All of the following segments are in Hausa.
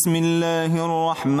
بسم الله الرحمن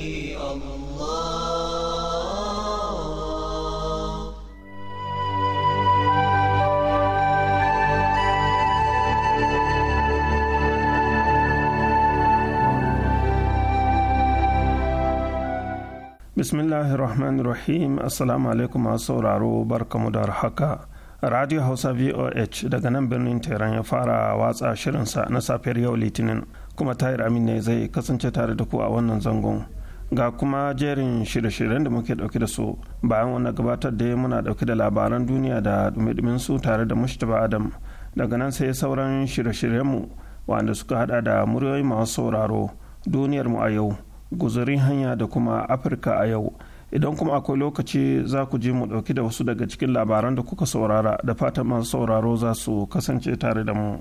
bismillahir rahmanir rahim assalamu alaikum masu sauraro barkamu da haka radio hausa voh daga nan birnin tehran ya fara watsa shirinsa na safiyar yau litinin kuma tahir amin ne zai kasance tare da ku a wannan zangon ga kuma jerin shirye-shiryen da muke dauke da su bayan wani gabatar da muna dauke da labaran duniya da dumi su tare da mushtaba adam daga nan sai sauran shirye-shiryenmu wanda suka hada da muryoyi masu sauraro duniyarmu a yau guzurin hanya da kuma afirka a yau idan kuma akwai lokaci za ku je mu ɗauki da wasu daga cikin labaran da kuka saurara da fata masu sauraro za su kasance tare da mu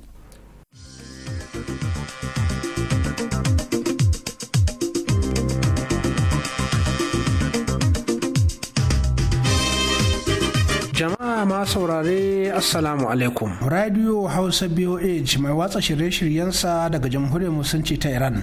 jama'a ma saurare assalamu alaikum radio hausa boh mai watsa shirye-shiryensa daga jamhuriyar musulunci ta iran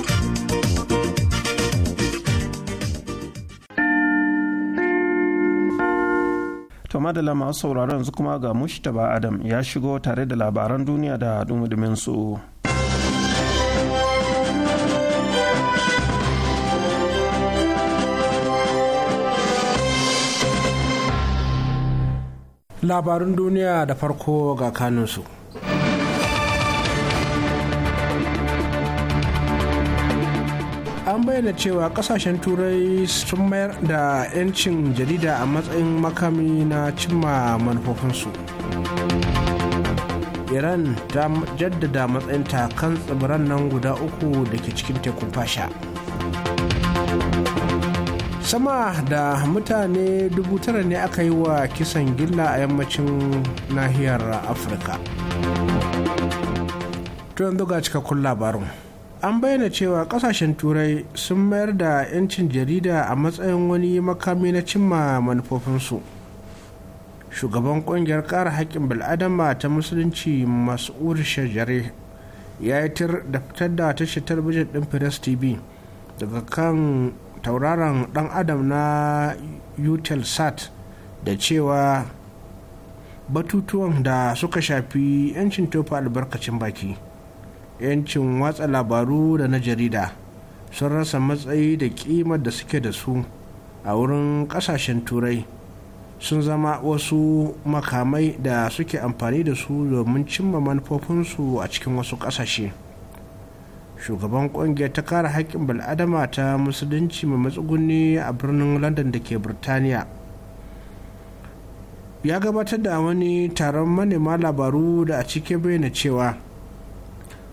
To madalla masu sauraron yanzu kuma ga Mushtaba Adam ya shigo tare da labaran duniya da dumudumin su. Labarun duniya da farko ga kanunsu. an bayyana cewa kasashen turai sun mayar da 'yancin jarida a matsayin makami na cimma manufofinsu iran ta jaddada matsayinta kan tsibiran nan guda uku da ke cikin tekun fasha sama da mutane dubu tara ne aka yi wa kisan gilla a yammacin nahiyar afirka to yanzu ga cikakkun labarin an bayyana cewa kasashen turai sun mayar da 'yancin jarida a matsayin wani makami na cimma manufofinsu shugaban kungiyar kara haƙƙin bil'adama ta musulunci mas'ud shajare ya yi tir da fitar da tashar talabijin ɗin press tv daga kan tauraron ɗan adam na utelsat da cewa batutuwan da suka shafi 'yancin tofa albarkacin baki yancin watsa labaru da na jarida sun rasa matsayi da kimar da suke da su a wurin kasashen turai sun zama wasu makamai da suke amfani da su domin cimma manufofinsu a cikin wasu kasashe shugaban kungiyar ta kare haƙƙin bal'adama ta musulunci mai matsuguni a birnin london da ke birtaniya ya gabatar da wani taron manema labaru da a cike bayyana cewa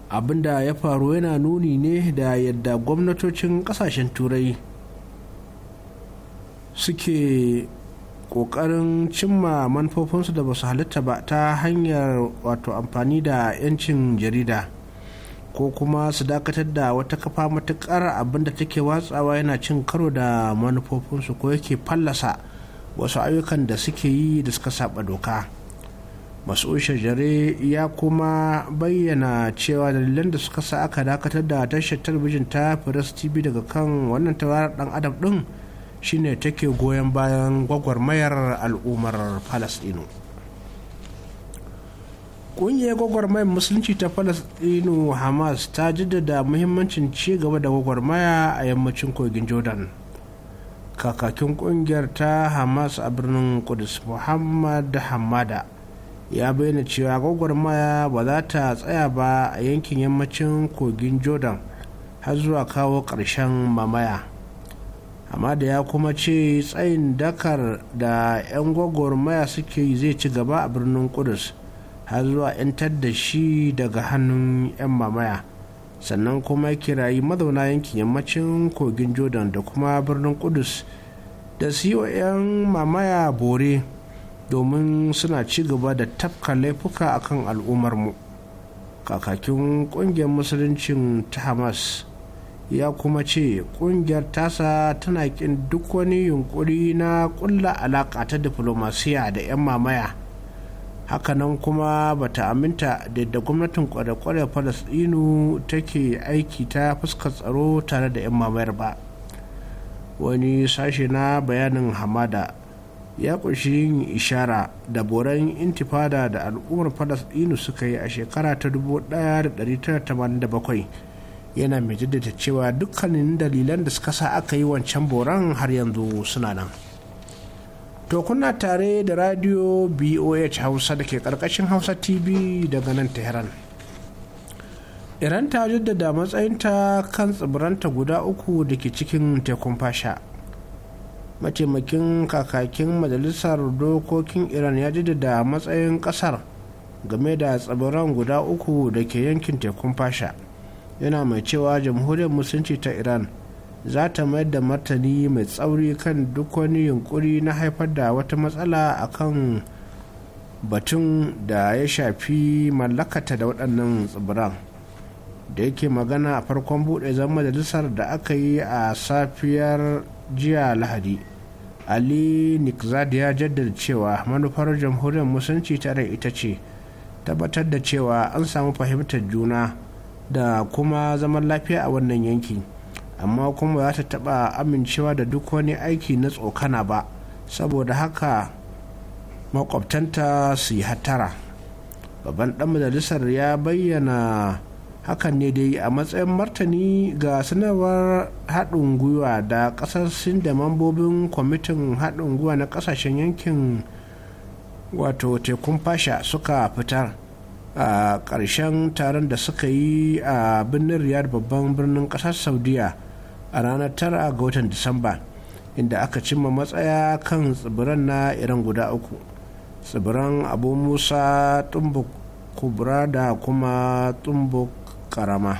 abin da ya faru yana nuni ne da yadda gwamnatocin kasashen turai suke ƙoƙarin cimma manufofinsu da basu su halitta ba ta hanyar wato amfani da 'yancin jarida ko kuma su dakatar da wata kafa matuƙar abinda take watsawa yana cin karo da manufofinsu ko yake fallasa wasu ayyukan da suke yi da suka saba doka. masu shajare ya kuma bayyana cewa dalilan da suka sa aka dakatar da tashar talabijin ta press tv daga kan wannan tawarar dan adam din shine take goyon bayan gwagwarmayar al'ummar palestino ƙungiyar gwagwarmayar musulunci ta palestino hamas ta jaddada muhimmancin ci gaba da gwagwarmaya a yammacin kogin jordan kakakin ƙungiyar ta hamas a birnin kudus muhammad hamada ya bayyana cewa gwagwarmaya ba za ta tsaya ba a yankin yammacin kogin jordan har zuwa kawo ƙarshen mamaya amma da ya kuma ce tsayin dakar da 'yan gwagwarmaya suke yi zai ci gaba a birnin kudus har zuwa 'yantar da shi daga hannun 'yan mamaya sannan kuma kirayi mazauna yankin yammacin kogin jordan da kuma birnin kudus da siyo 'yan mamaya bore domin suna ci gaba da tafka laifuka a akan al'ummarmu kakakin kungiyar musuluncin ta hamas ya kuma ce kungiyar tasa tana kin duk wani yunkuri na kulla alaka ta diflomasiya da 'yan mamaya hakanan kuma bata aminta da yadda gwamnatin kware-kware falasdinu take aiki ta fuskar tsaro tare da 'yan mamayar ba wani sashe na bayanin hamada ya kunshi yin ishara da boran intifada da al'ummar falasdinu suka yi a shekara ta 1987 yana mai jaddada cewa dukkanin dalilan da suka sa aka yi wancan boran har yanzu suna nan to kuna tare da radio boh hausa da ke karkashin hausa tv daga nan tehran iran ta jaddada matsayinta kan tsibiranta guda uku da ke cikin tekun fasha mataimakin kakakin majalisar dokokin iran ya jaddada matsayin kasar game da tsibiran guda uku da ke yankin tekun fasha yana mai cewa jamhuriyar musulunci ta iran za ta mayar da martani mai tsauri kan duk wani yunkuri na haifar da wata matsala a kan batun da ya shafi mallakata da waɗannan tsibiran da yake magana a farkon buɗe zan majalisar da aka yi a safiyar jiya lahadi ali nikzad ya jaddada cewa manufar jamhuriyar musulunci tare ita ce tabbatar da cewa an samu fahimtar juna da kuma zaman lafiya a wannan yanki amma kuma za ta taba amincewa da duk wani aiki na tsokana ba saboda haka makwabtanta su yi hatara babban dan majalisar ya bayyana hakan ne dai a matsayin martani ga sanarwar haɗin gwiwa da ƙasar sin da mambobin kwamitin haɗin gwiwa na ƙasashen yankin wato tekun fasha suka fitar a ƙarshen taron da suka yi a birnin riyar babban birnin ƙasar saudiya a ranar tara ga watan disamba inda aka cimma matsaya kan tsibiran na iran guda uku tsibiran abu musa tumbuk kubra da kuma tumbuk karama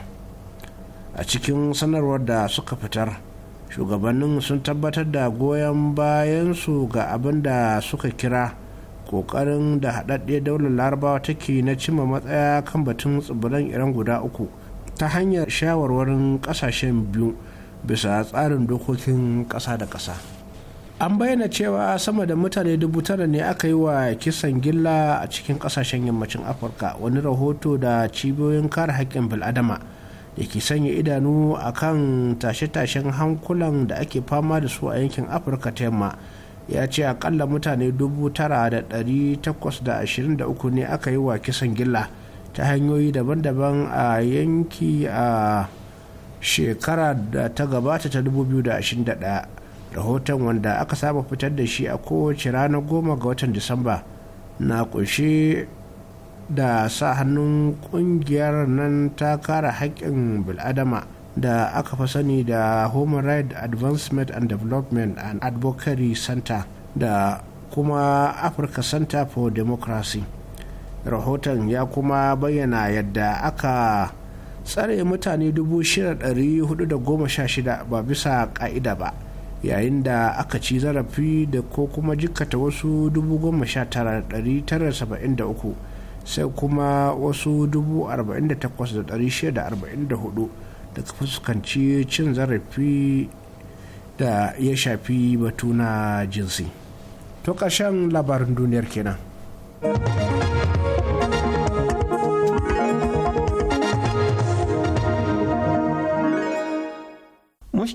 a cikin sanarwar da suka fitar shugabannin sun tabbatar da goyon bayan su ga abin da suka kira kokarin da haɗaɗɗe daular larabawa take na cima matsaya kan batun tsibiran iran guda uku ta hanyar shawarwarin ƙasashen biyu bisa tsarin dokokin ƙasa da ƙasa. an bayyana cewa sama da mutane dubu tara ne aka yi wa kisan gilla a cikin kasashen yammacin afirka wani rahoto da cibiyoyin kare haƙƙin bil'adama da ke sanya idanu a kan tashe-tashen hankulan da ake fama da su a yankin afirka ta yamma ya ce akalla mutane dubu tara da ɗari takwas da ashirin da uku ne aka yi wa kisan gilla ta hanyoyi daban-daban a yanki a shekara da ta gabata ta 2021 rahoton wanda aka saba fitar da shi a kowace ranar goma ga watan disamba na kunshi da sa hannun kungiyar nan ta kara haƙƙin bil'adama da aka fi sani da human rights advancement and development and advocacy center da kuma africa center for democracy rahoton ya kuma bayyana yadda aka tsare mutane 6,416 ba bisa ƙa'ida ba yayin da aka ci zarafi da ko kuma jikata wasu 19,973 sai kuma wasu 48,644 daga fuskanci cin zarafi da ya shafi batu na jinsi to ƙarshen labarin duniyar kenan.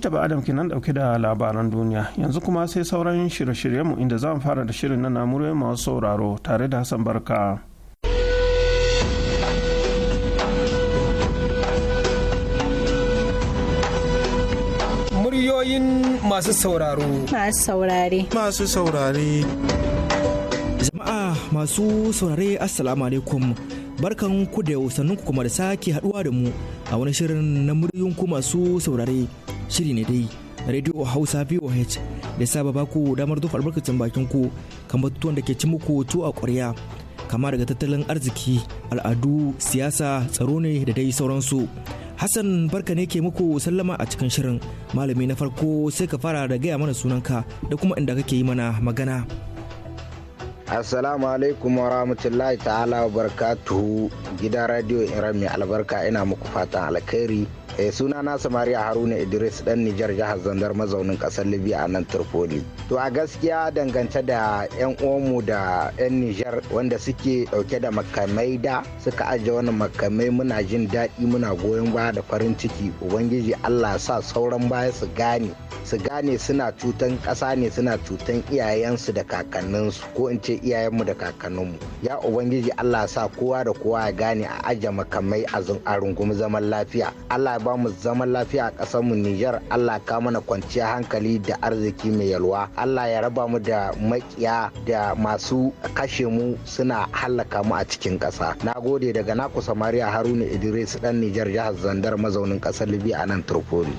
taba Adam kinan dauke da labaran duniya yanzu kuma sai sauran shirye-shiryenmu inda za mu fara da shirin na namurai masu sauraro tare da Hassan Barka. Muryoyin masu sauraro. Masu saurare. Masu saurare. Jama'a masu saurare Assalamu alaikum. Barkan ku da sannun kuma da sake haduwa da mu a wani shirin na muryoyin ku masu saurare. shiri ne dai radio hausa voh da saba ba ku damar zufa albarkacin bakin ku kan batutuwan da ke ci muku tu a ƙwarya kama daga tattalin arziki al'adu siyasa tsaro ne da dai sauransu hassan barka ne ke muku sallama a cikin shirin malami na farko sai ka fara da gaya mana sunanka da kuma inda kake yi mana magana Assalamu alaikum wa rahmatullahi ta'ala wa barakatuhu gidan radio Iran mai albarka ina muku fatan alkhairi eh suna na samariya haruna idris dan nijar jihar zandar mazaunin kasar libya a nan tripoli to a gaskiya dangance da yan uwanmu da yan nijar wanda suke dauke da makamai da suka aje wani makamai muna jin daɗi muna goyon baya da farin ciki ubangiji allah sa sauran baya su gane su gane suna cutan ƙasa ne suna cutan iyayensu da kakanninsu ko in ce iyayenmu da kakanninmu ya ubangiji allah sa kowa da kowa ya gane a aje makamai a rungumi zaman lafiya allah ba mu zaman lafiya a ƙasar mu Nijar Allah ka mana kwanciyar hankali da arziki mai yalwa Allah ya raba mu da makiya da masu kashe mu suna hallaka mu a cikin ƙasa nagode gode daga naku Samariya Haruna Idris dan niger jihar Zandar mazaunin ƙasar Libya a nan Tripoli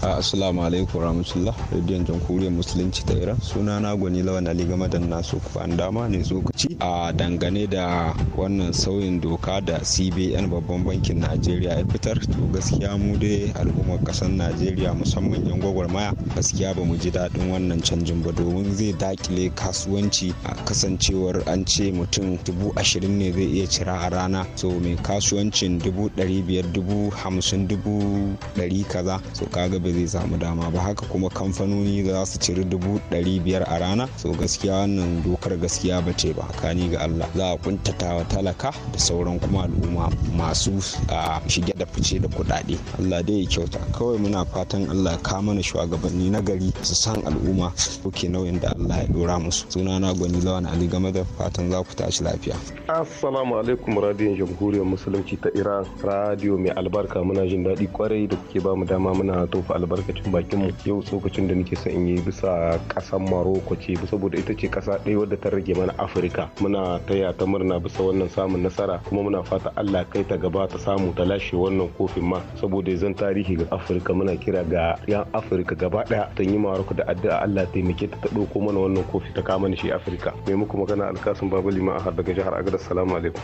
Ah, assalamu alaikum rahmatullah radiyon jamhuriyar musulunci ta iran suna na gwani lawan ali game da nasu an dama ne tsokaci a dangane da wannan sauyin doka da cbn babban bankin najeriya ya fitar to gaskiya mu dai al'ummar kasar najeriya musamman yan gwagwarmaya gaskiya ba mu ji daɗin wannan canjin ba domin zai dakile kasuwanci a kasancewar an ce mutum dubu ashirin ne zai iya cira a rana so mai kasuwancin dubu ɗari biyar dubu hamsin dubu ɗari kaza so kaga ba zai samu dama ba haka kuma kamfanoni za su ciri dubu ɗari biyar a rana so gaskiya wannan dokar gaskiya ba ce ba kani ga Allah za a kuntata wa talaka da sauran kuma al'umma masu shige da fice da kuɗaɗe Allah dai ya kyauta kawai muna fatan Allah ya kama mana shugabanni na gari su san al'umma kuke nauyin da Allah ya dora musu suna na gwani lawan Ali game da fatan za ku tashi lafiya assalamu alaikum radiyon jamhuriyar musulunci ta Iran radio mai albarka muna jin daɗi kwarai da kuke ba mu dama muna tofa albarkacin bakin mu yau tsokacin da nake son in yi bisa kasar Maroko ce saboda ita ce ƙasa ɗaya wadda ta rage mana Afirka muna taya ta murna bisa wannan samun nasara kuma muna fata Allah kai ta gaba ta samu ta lashe wannan kofin ma saboda zan tarihi ga Afirka muna kira ga yan Afirka gaba ɗaya ta yi Maroko da addu'a Allah taimake ta ta ɗauko mana wannan kofi ta kama shi Afirka mai muku magana alkasun Babali ma a daga jihar Agadar salamu alaikum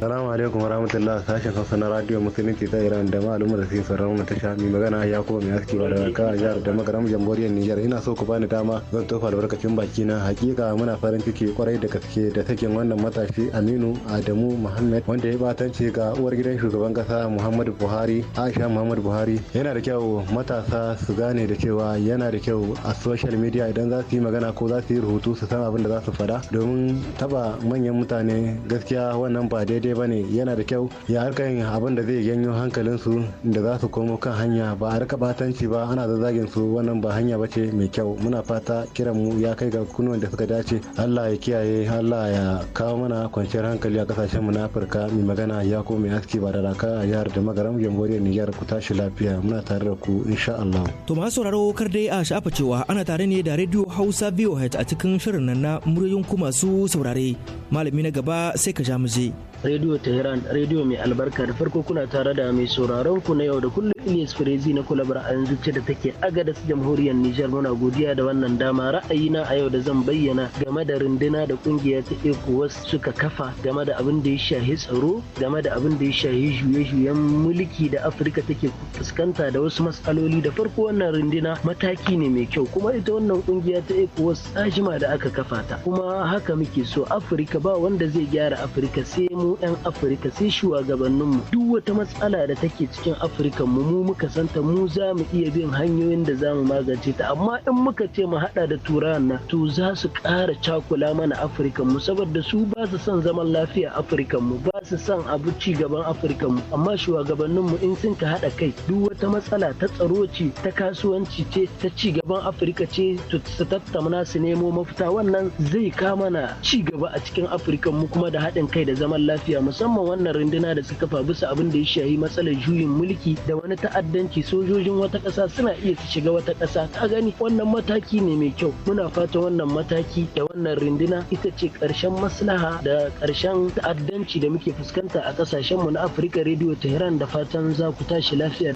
Salamu alaikum warahmatullahi sashen Hausa na Radio Musulunci ta Iran da malumar da suke sauran wani tasha mai magana ya kuma mai aski ba daga kan jihar da magaram jamhuriyar Nijar ina so ku bani dama zan tofa albarkacin baki na hakika muna farin ciki kwarai da gaske da sakin wannan matashi Aminu Adamu Muhammad wanda ya batanci ga uwar gidan shugaban kasa Muhammadu Buhari Aisha Muhammadu Buhari yana da kyau matasa su gane da cewa yana da kyau a social media idan za su yi magana ko za su yi rubutu su san abin da za su faɗa domin taba manyan mutane gaskiya wannan ba daidai daidai ba ne yana da kyau ya harka yin abin da zai janyo hankalinsu da za su komo kan hanya ba a rika batanci ba ana zazzagin su wannan ba hanya ba ce mai kyau muna fata kiran mu ya kai ga kunuwan da suka dace allah ya kiyaye allah ya kawo mana kwanciyar hankali a kasashen mu na afirka mai magana ya ko mai aski ba da raka a jihar da magaram jamhuriyar niger ku tashi lafiya muna tare da ku insha allah. to masu sauraro kar dai a sha'afa cewa ana tare ne da radio hausa voh a cikin shirin nan na muryoyin ku masu saurare malami na gaba sai ka ja mu je. Radio Tehran, Radio Mai Albarka da farko kuna tare da mai sauraron ku na yau da kullum Ilyas Firezi na kulabar a yanzu da take agadas jamhuriyar Nijar muna godiya da wannan dama ra'ayina a yau da zan bayyana game da runduna da kungiya ta ECOWAS suka kafa game da abin da ya shahi tsaro game da abin da ya shahi juye-juyen mulki da Afirka take fuskanta da wasu matsaloli da farko wannan runduna mataki ne mai kyau kuma ita wannan kungiya ta ECOWAS ta jima da aka kafa ta kuma haka muke so Afirka ba wanda zai gyara Afirka sai mu mu 'yan afirka sai shugabanninmu duk wata matsala da take cikin afirka mu mu muka santa mu za mu iya bin hanyoyin da za mu magance ta amma in muka ce mu hada da turawan na to za su ƙara cakula mana afirka mu saboda su ba su son zaman lafiya afirka mu ba su son abu ci gaban afirka mu amma shugabanninmu in sun ka hada kai duk wata matsala ta tsaro ce ta kasuwanci ce ta ci gaban afirka ce su tattauna su nemo mafita wannan zai kama na ci gaba a cikin afirka mu kuma da haɗin kai da zaman lafiya lafiya musamman wannan runduna da suka fa bisa abin da ya shahi matsalar juyin mulki da wani ta'addanci sojojin wata ƙasa suna iya su shiga wata ƙasa ta gani wannan mataki ne mai kyau muna fata wannan mataki da wannan runduna ita ce ƙarshen maslaha da ƙarshen ta'addanci da muke fuskanta a ƙasashenmu na afirka rediyo tehran da fatan za ku tashi lafiya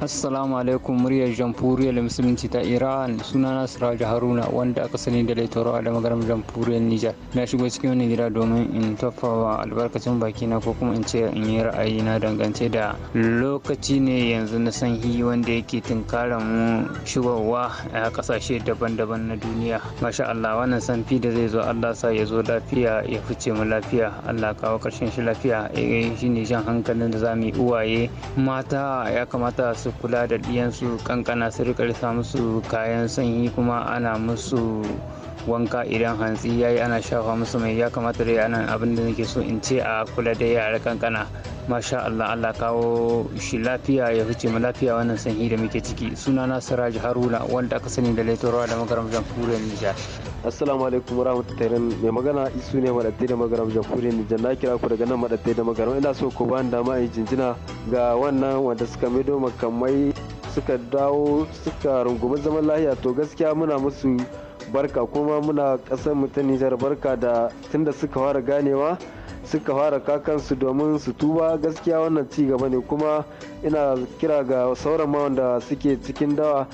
assalamu alaikum muryar jamhuriyar musulunci ta iran sunana siraju haruna wanda aka sani da laitoro a damagaram jamhuriyar nijar na shigo cikin wani gida domin in tafawa albarkacin baki na ko kuma in ce in yi ra'ayi na dangance da lokaci ne yanzu na san hi wanda yake tunkara mu shigowa a kasashe daban-daban na duniya masha allah wannan san sanfi da zai zo allah sa ya zo lafiya ya fice mu lafiya allah kawo karshen shi lafiya eh, shi ne jan hankalin da za mu yi uwaye mata ya kamata su su kula da ɗiyansu ƙanƙana su rika musu kayan sanyi kuma ana musu wanka idan hantsi yayi ana shafa musu mai ya kamata dai anan abin da nake so in ce a kula da yara kankana masha Allah Allah kawo shi lafiya ya huce mu lafiya wannan sanyi da muke ciki suna na Siraj Haruna wanda aka sani da Laitorwa da magaram jamhuriyar Nijar Assalamu alaikum warahmatullahi mai magana isu ne madaddai da magaram jamhuriyar Nijar na kira ku daga nan madaddai da magaram ina so ku bani dama in jinjina ga wannan wanda suka maido makamai suka dawo suka rungumi zaman lahiya to gaskiya muna musu barka kuma muna ƙasar ta nijar barka da tunda suka fara ganewa suka fara kakansu domin su tuba gaskiya wannan ci gaba ne kuma ina kira ga sauran ma wanda suke cikin dawa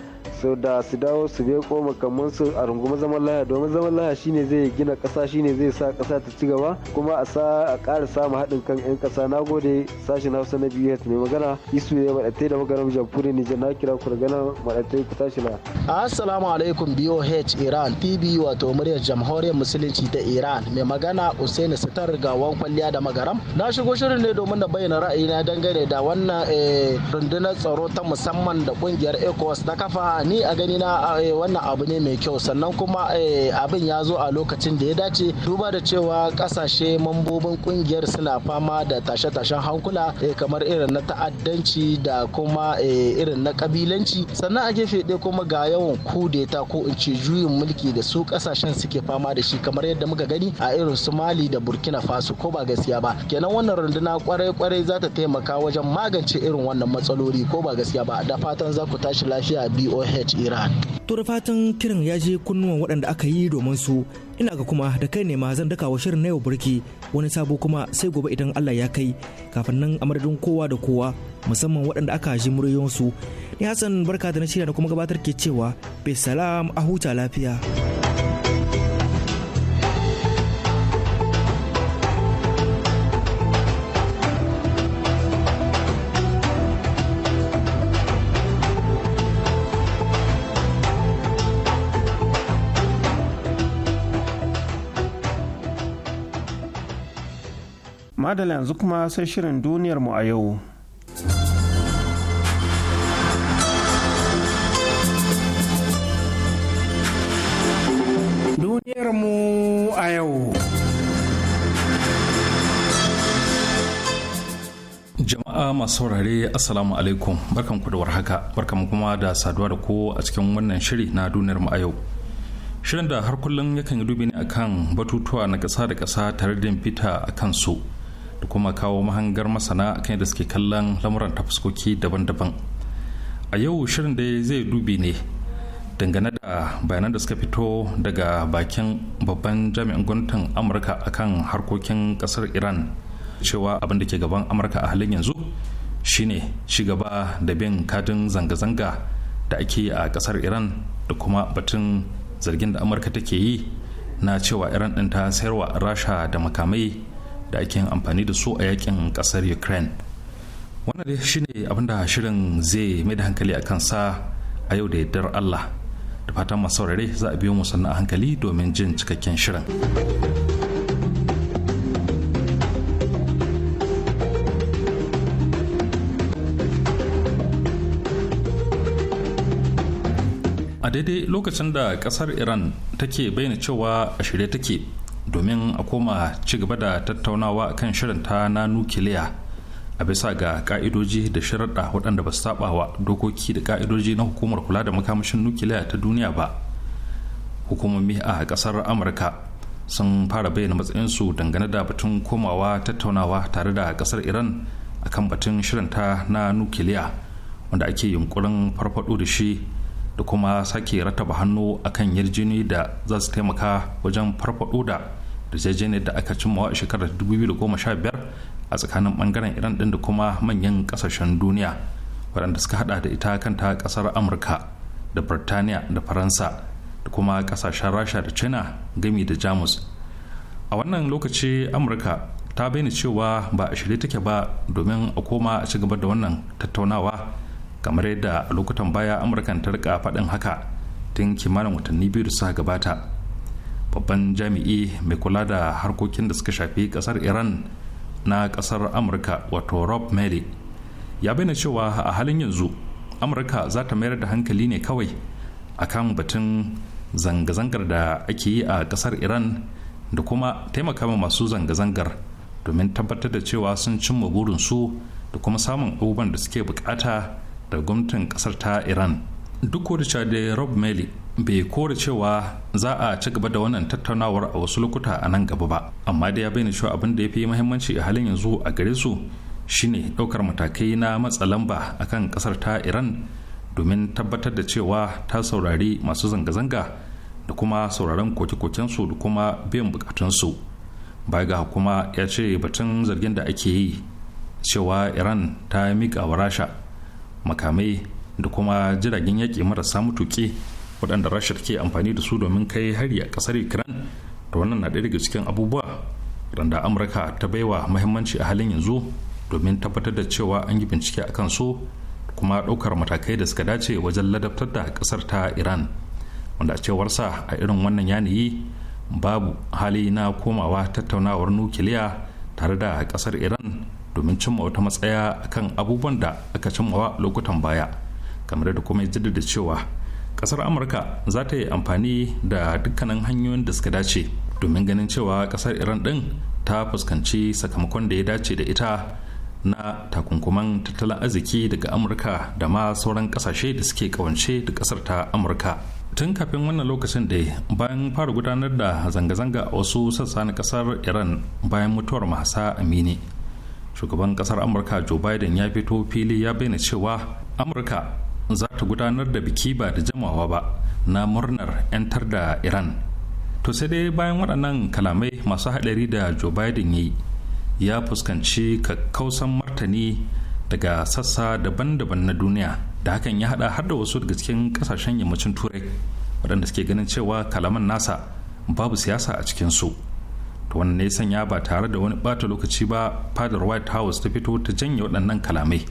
sau da su dawo su ko makamman su a rungumar zaman laya domin zaman laya shine zai gina kasa shine zai sa kasa ta ci gaba kuma a sa a ƙara samun haɗin kan 'yan kasa na gode sashen hausa na biyu mai magana isu ya maɗatai da maganar jamfuri nijar na kira ku daga maɗatai ku tashi na. assalamu alaikum boh iran tv wato muryar jamhuriyar musulunci ta iran mai magana usaini sitar wan kwalliya da magaram na shigo shirin ne domin da bayyana ra'ayi na dangane da wannan eh, rundunar tsaro ta musamman da kungiyar ecowas na kafa ni a gani na eh, wannan abu ne mai kyau sannan kuma eh, abin ya zo a lokacin da ya dace duba da cewa kasashe mambobin kungiyar suna fama da tashe-tashen hankula eh, kamar irin na ta'addanci da kuma irin na kabilanci sannan a gefe ɗaya kuma ga yawan kudeta ko in ce juyin mulki da su kasashen suke fama da shi kamar yadda muka gani a irin su mali da burkina faso ko ba gaskiya ba kenan wannan runduna kwarai-kwarai za ta taimaka wajen magance irin wannan matsaloli ko ba gaskiya ba da fatan za ku tashi lafiya boh Iran. Tura fatan kiran ya je kunnuwan waɗanda aka yi domin su ina ga kuma da kai ne ma zan daka wa shirin na yau burki wani sabo kuma sai gobe idan Allah ya kai kafin nan a kowa da kowa musamman waɗanda aka ji muryoyinsu. Ni Hassan barka da na shirya da kuma gabatar ke cewa bai salam a huta lafiya. da yanzu kuma sai shirin duniyar mu a yau duniyar mu a yau jama'a masu saurare assalamu alaikum barkan ku da warhaka barkan kuma da saduwa da ku a cikin wannan shiri na duniyar mu a yau shirin da har kullum yakan yi dubi ne akan batutuwa na ƙasa da kasa tare da fita a kan kansu kuma kawo mahangar masana kan da suke kallon lamuran ta fuskoki daban-daban a yau shirin da zai dubi ne dangane da bayanan da suka fito daga bakin babban jami'in gwamnatin amurka akan harkokin kasar iran cewa abin da ke gaban amurka a halin yanzu shine ci gaba da bin kadin zanga-zanga da ake a kasar iran da kuma batun zargin da amurka take yi na cewa iran ɗin ta sayarwa rasha da makamai da ake amfani da su a yakin kasar ukraine wannan dai shine abinda shirin zai mai da hankali a kansa a yau da yardar allah da fatan masu saurare za a biyo mu sannan a hankali domin jin cikakken shirin a daidai lokacin da kasar iran take bayyana cewa a shirye take domin a koma ci gaba da tattaunawa kan shirin ta na nukiliya a bisa ga ka'idoji da sharaɗa waɗanda ba su saba wa dokoki da ka'idoji na hukumar kula da makamashin nukiliya ta duniya ba hukumomi a ƙasar amurka sun fara bayyana matsayinsu dangane da batun komawa tattaunawa tare da ƙasar iran akan batun shirin ta na nukiliya wanda ake yunkurin farfaɗo da shi da kuma sake rataba hannu akan yarjini da za su taimaka wajen farfaɗo da yarjejeniyar da aka cimma a shekarar 2015 a tsakanin bangaren iran din da kuma manyan kasashen duniya waɗanda suka hada da ita kanta kasar amurka da birtaniya da faransa da kuma kasashen rasha da china gami da jamus a wannan lokaci amurka ta bayyana cewa ba a shirye take ba domin a koma a ci gaba da wannan tattaunawa kamar yadda lokutan baya amurkan ta rika faɗin haka tun kimanin watanni biyu da suka gabata babban jami'i mai kula da harkokin da suka shafi kasar iran na kasar amurka wato rob mele ya bayyana cewa a halin yanzu amurka za ta mayar da hankali ne kawai a kan batun zanga-zangar da ake yi a kasar iran da kuma taimaka masu zanga-zangar domin tabbatar da cewa sun cimma burinsu da kuma samun abubuwan da suke bukata da gwamnatin kasar ta iran duk da rob mele bai kore cewa za a ci gaba da wannan tattaunawar a wasu lokuta a nan gaba ba amma da ya bayyana cewa abin da ya fi muhimmanci a halin yanzu a gare su shine ɗaukar matakai na matsa lamba akan ƙasar ta iran domin tabbatar da cewa ta saurari masu zanga-zanga da kuma sauraron koke koken su da kuma biyan bukatun su baya ga kuma ya ce batun zargin da ake yi cewa iran ta miƙa wa rasha makamai da kuma jiragen yaƙi marasa mutuƙi waɗanda rasha ke amfani da su domin kai hari a ƙasar ukraine da wannan na ɗaya daga cikin abubuwa waɗanda amurka ta baiwa muhimmanci a halin yanzu domin tabbatar da cewa an yi bincike a kan su kuma ɗaukar matakai da suka dace wajen ladabtar da ƙasar ta iran wanda a cewarsa a irin wannan yanayi babu hali na komawa tattaunawar nukiliya tare da ƙasar iran domin cimma wata matsaya akan abubuwan da aka cimmawa lokutan baya kamar da kuma jaddada cewa kasar amurka za ta yi amfani da dukkanin hanyoyin da suka dace domin ganin cewa kasar iran din ta fuskanci sakamakon da ya dace da ita na takunkuman tattalin arziki daga amurka da ma sauran kasashe da suke kawance da kasar ta amurka tun kafin wannan lokacin da bayan fara gudanar da zanga-zanga a wasu sassa na kasar iran bayan mutuwar masa amini shugaban kasar amurka joe biden ya fito fili ya bayyana cewa amurka za ta gudanar da biki ba da jamawa ba na murnar 'yantar da iran to sai dai bayan waɗannan kalamai masu haɗari da joe biden yi ya fuskanci kakkausan martani daga sassa daban-daban na duniya da hakan ya haɗa har da wasu daga cikin ƙasashen yammacin turai waɗanda suke ganin cewa kalaman nasa babu siyasa a cikinsu to wannan ne sanya ba tare da wani bata lokaci ba fadar white house ta fito ta janye waɗannan kalamai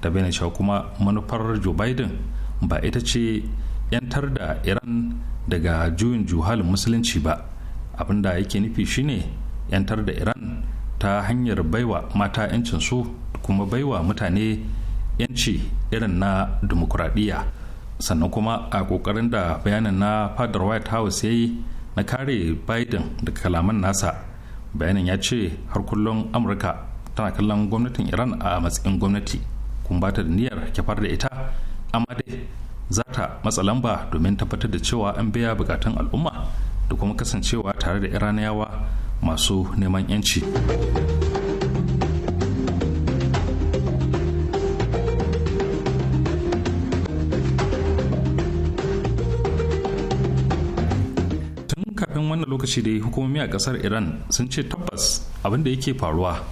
ta bayyana cewa kuma manufar joe biden ba ita ce 'yantar da iran daga juyin juhalin musulunci ba abinda yake nufi shine 'yantar da iran ta hanyar baiwa mata 'yancin su kuma baiwa mutane 'yanci irin na dimokuraɗiyya sannan kuma a ƙoƙarin da bayanin na fadar white house ya yi na kare biden da kalaman nasa bayanin ya ce har kullum amurka tana kallon gwamnatin iran a matsayin gwamnati kun bata da niyyar kyafar da ita amma dai za ta matsa lamba domin tabbatar da cewa an biya bukatun al'umma da kuma kasancewa tare da iraniyawa masu neman 'yanci. tun kafin wannan lokaci da hukumomi a kasar iran sun ce tabbas abin da yake faruwa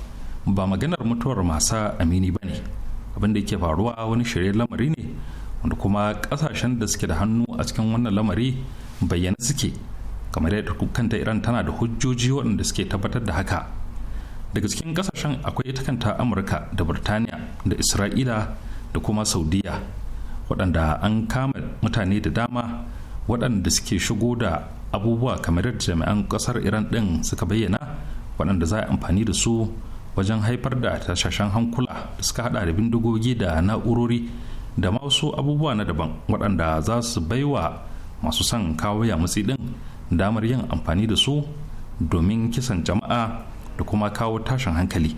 ba maganar mutuwar masa amini ba ne abin da yake faruwa wani shirye lamari ne wanda kuma kasashen da suke da hannu a cikin wannan lamari bayyana suke kamar yadda kanta iran tana da hujjoji waɗanda suke tabbatar da haka daga cikin kasashen akwai ita kanta amurka da birtaniya da isra'ila da kuma saudiya waɗanda an kama mutane da dama waɗanda suke shigo da abubuwa kamar yadda jami'an ƙasar iran ɗin suka bayyana waɗanda za a amfani da su wajen haifar da tashashen hankula da suka hada da bindigogi da na'urori da masu abubuwa na daban waɗanda za su baiwa masu son kawo ya matsi ɗin damar yin amfani da su domin kisan jama'a da kuma kawo tashin hankali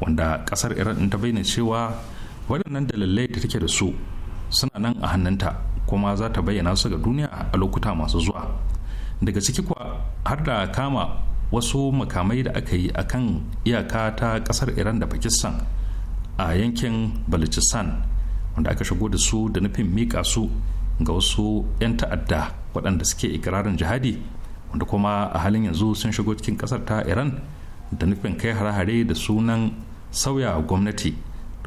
wanda ƙasar iran ta bayyana cewa waɗannan dalilai da take da su suna nan a hannunta kuma za ta bayyana su ga duniya a lokuta masu zuwa daga ciki kuwa har da kama wasu makamai da aka yi a kan iyaka ta kasar iran da pakistan a yankin balochistan wanda aka shigo da su da nufin mika su ga wasu 'yan ta'adda waɗanda suke ikirarin jihadi wanda kuma a halin yanzu sun shigo cikin kasar ta iran da nufin kai hare-hare da sunan sauya gwamnati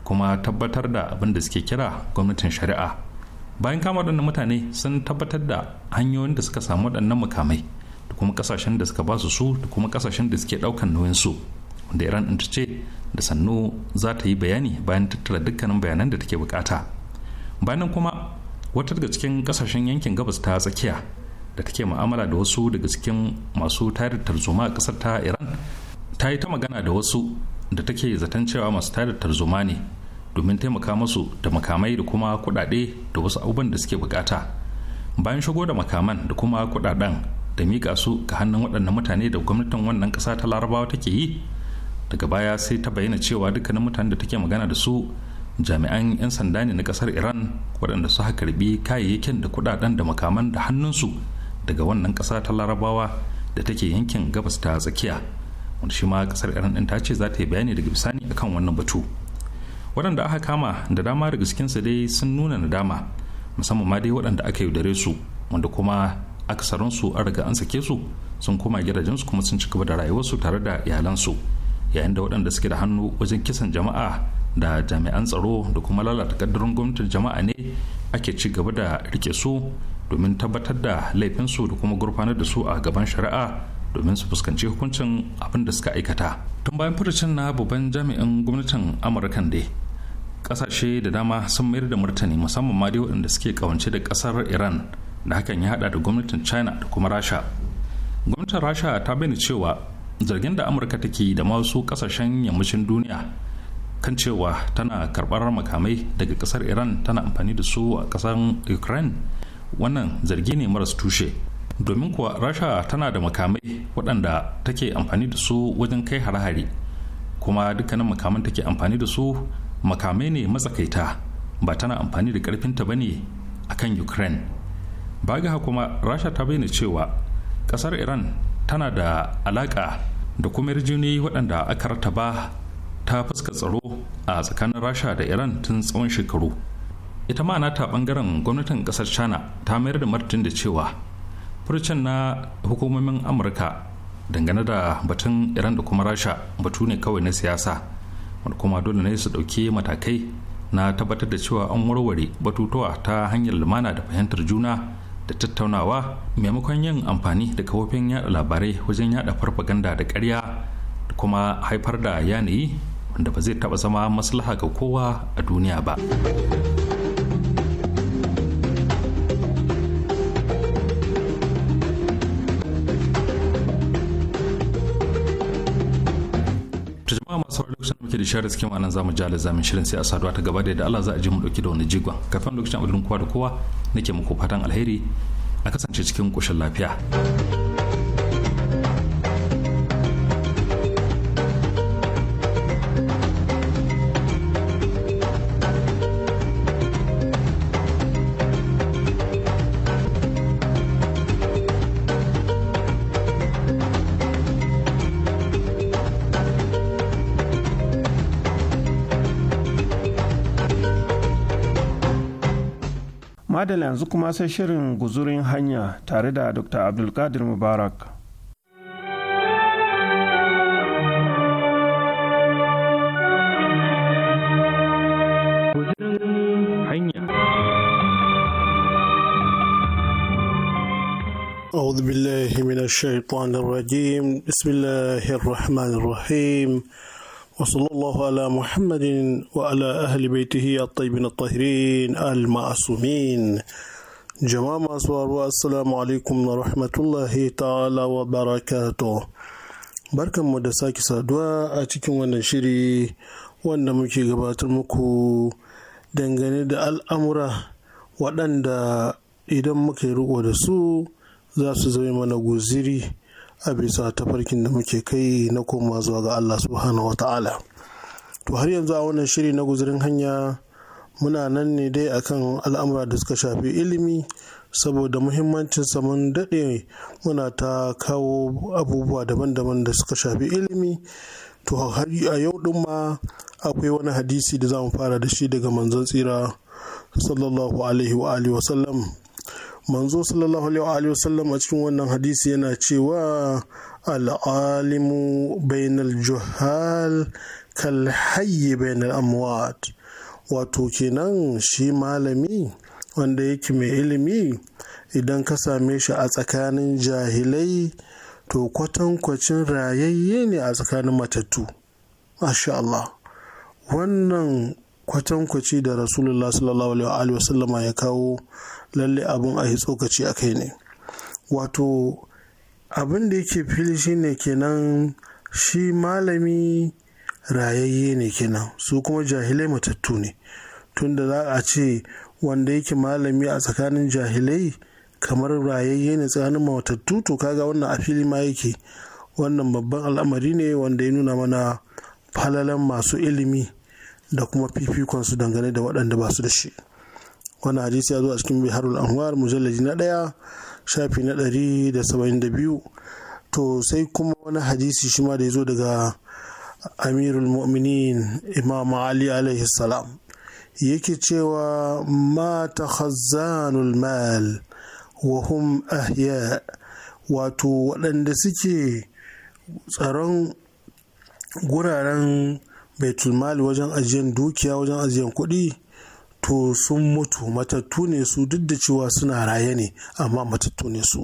kuma tabbatar da abin da suke kira gwamnatin shari'a bayan kama waɗannan mutane sun tabbatar da hanyoyin da suka samu waɗannan mukamai kuma kasashen da suka ba su su da kuma kasashen da suke daukan nauyin su wanda iran ɗin ce da sannu za ta yi bayani bayan tattara dukkanin bayanan da take bukata bayanan kuma wata daga cikin kasashen yankin gabas ta tsakiya da take mu'amala da wasu daga cikin masu tayar tarzoma a kasar ta iran ta yi ta magana da wasu da take zaton cewa masu tayar tarzoma ne domin taimaka musu da makamai da kuma kudade da wasu abubuwan da suke bukata bayan shigo da makaman da kuma kudaden. da mika su ga hannun waɗannan mutane da gwamnatin wannan ƙasa ta larabawa take yi daga baya sai ta bayyana cewa dukkanin mutane da take magana da su jami'an 'yan sanda ne na ƙasar iran waɗanda su haka karbi kayayyakin da kuɗaɗen da makaman da hannunsu daga wannan ƙasa ta larabawa da take yankin gabas ta tsakiya wanda shi ma ƙasar iran ɗin ta ce za ta yi bayani daga bisani akan wannan batu waɗanda aka kama da dama daga cikinsu dai sun nuna nadama musamman ma dai waɗanda aka yaudare su wanda kuma akasarinsu an riga an sake su sun koma gidajensu kuma sun ci gaba da rayuwarsu tare da iyalansu yayin da waɗanda suke da hannu wajen kisan jama'a da jami'an tsaro da kuma lalata kaddarin gwamnatin jama'a ne ake ci gaba da rike su domin tabbatar da laifinsu da kuma gurfanar da su a gaban shari'a domin su fuskanci hukuncin abin da suka aikata tun bayan furucin na babban jami'in gwamnatin amurkan dai kasashe da dama sun mayar da martani musamman ma dai waɗanda suke kawance da ƙasar iran da hakan ya hada da gwamnatin china da kuma rasha gwamnatin rasha ta bayyana cewa zargin da amurka take da masu kasashen yammacin duniya kan cewa tana karbar makamai daga kasar iran tana amfani da su a kasar ukraine wannan zargi ne maras tushe domin kuwa rasha tana da makamai waɗanda take amfani da su wajen kai hare-hare kuma dukkanin makaman take amfani da su makamai ne matsakaita ba tana amfani da ƙarfinta ba ne a kan ukraine baga kuma rasha ta bayyana cewa kasar iran tana da alaka da kuma jini waɗanda aka rata ba ta fuska tsaro a tsakanin rasha da iran tun tsawon shekaru ita ma ta bangaren gwamnatin kasar china ta mayar da martin da cewa furcin na hukumomin amurka dangane da batun iran da kuma rasha batu ne kawai na siyasa wanda kuma dole ne su ɗauki matakai na tabbatar da cewa an warware batutuwa ta hanyar lumana da fahimtar juna da tattaunawa maimakon yin amfani da kafofin yada labarai wajen yada farfaganda da ƙarya da kuma haifar da yanayi wanda ba zai taɓa zama maslaha ga kowa a duniya ba. masu lokacin da muke da shirin cikin wannan zamu ji zamin shirin sai a saduwa ta gaba da yadda Allah za a ji mu dauki da wani jigon kafin lokacin abudin kowa da kowa nake muku fatan alheri a kasance cikin koshin lafiya. madalla yanzu kuma sai shirin guzurin hanya tare da dr abdulkadir mubarak أعوذ بالله من الشيطان الرجيم بسم الله الرحمن الرحيم وصلى الله wa محمد وعلى أهل بيته الطيبين الطاهرين المعصومين jama'a masu waruwa assalamu alaikum wa rahmatullahi ta'ala wa barakato mu da sake saduwa a cikin wannan shiri wanda muke gabatar muku dangane da al'amura waɗanda idan muka yi riko da su zasu su zama mana guziri a bisa tafarkin da muke kai na koma zuwa ga Allah subhanahu wa ta'ala to har yanzu a wannan shiri na guzurin hanya muna nan ne dai akan al'amura da suka shafi ilimi saboda muhimmancin mun daɗe muna ta kawo abubuwa daban-daban da suka shafi ilimi to har a yau ɗin ma akwai wani hadisi da za mu fara da shi daga manzon tsira sallallahu alaihi wa alihi sallam manzo sallallahu alaihi wa sallam a cikin wannan hadisi yana cewa al'alimu bainal juhal kal hayyi bainal amwat wato kenan shi malami wanda yake mai ilimi idan ka same shi a tsakanin jahilai to kwatankwacin rayayye ne a tsakanin matattu masha Allah wannan kwatankwaci da rasulullah sallallahu alaihi sallama ya kawo lalle abun a yi tsokaci a kai ne wato abin da yake fili shine kenan shi malami rayayye ne kenan su kuma jahilai matattu ne tunda za a ce wanda yake malami a tsakanin jahilai kamar rayayye ne tsakanin matattu to kaga wannan a fili ma yake wannan babban al'amari ne wanda ya nuna mana falalan masu ilimi da kuma fifikonsu dangane da waɗanda ba su da shi. wani hadisi ya zo a cikin biharul anwar mujallaji na ɗaya shafi na ɗari da saba'in da biyu to sai kuma wani hadisi shi ma da ya zo daga amirul mu'minin imam ali alaihi salam yake cewa mata khazanul mal wa hum ahya wato waɗanda suke tsaron guraren baitulmal wajen ajiyar dukiya wajen ajiyar kuɗi to sun mutu matattu ne su duk da cewa suna raye ne amma matattu ne su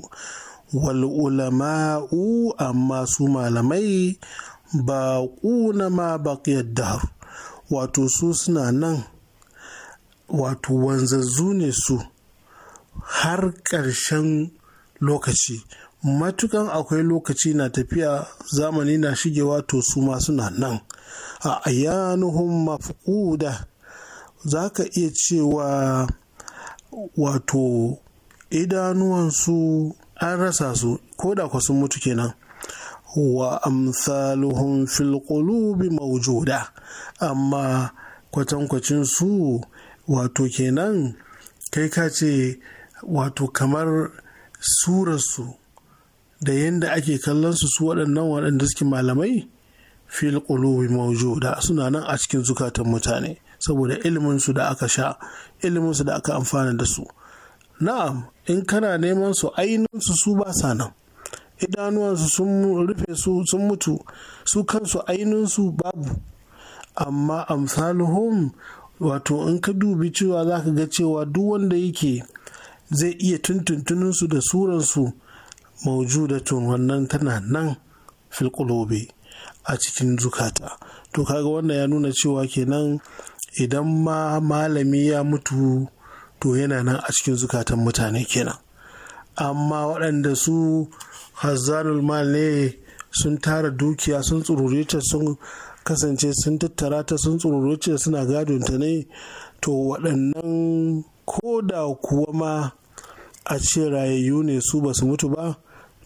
wal ulama'u amma su malamai ba na ma baƙiyar dahar wato su suna nan wato wanzazzu ne su har ƙarshen lokaci matukan akwai lokaci na tafiya zamani na shigewa to su ma suna nan a ayyanuhum mafquda za ka iya cewa wato idanuwansu an rasa su ko da ku sun mutu kenan wa amsaluhun fil qulubi amma kwatankwacin su wato kenan kai ka ce wato kamar surarsu da yadda ake kallon su su waɗannan waɗanda suke malamai fil qulubi suna nan a cikin zukatan mutane saboda iliminsu da aka sha iliminsu da aka amfana da su na'am in kana neman su ainihinsu su ba sa nan idanuwansu sun rufe su sun mutu su kansu ainihinsu babu amma amsaluhum wato in ka dubi cewa za ka ga cewa duk wanda yake zai iya tuntuntuninsu da suransu tun wannan tana nan filkulobe a cikin zukata to kaga wannan ya nuna cewa kenan idan ma malami ya mutu to yana nan a cikin zukatan mutane kenan amma waɗanda su hazzanul mal sun tara dukiya sun tsururi ta sun kasance sun tattara ta sun tsururi ta suna gadon ta ne to waɗannan ko da kuwa ma a ce rayayyu ne su ba su mutu ba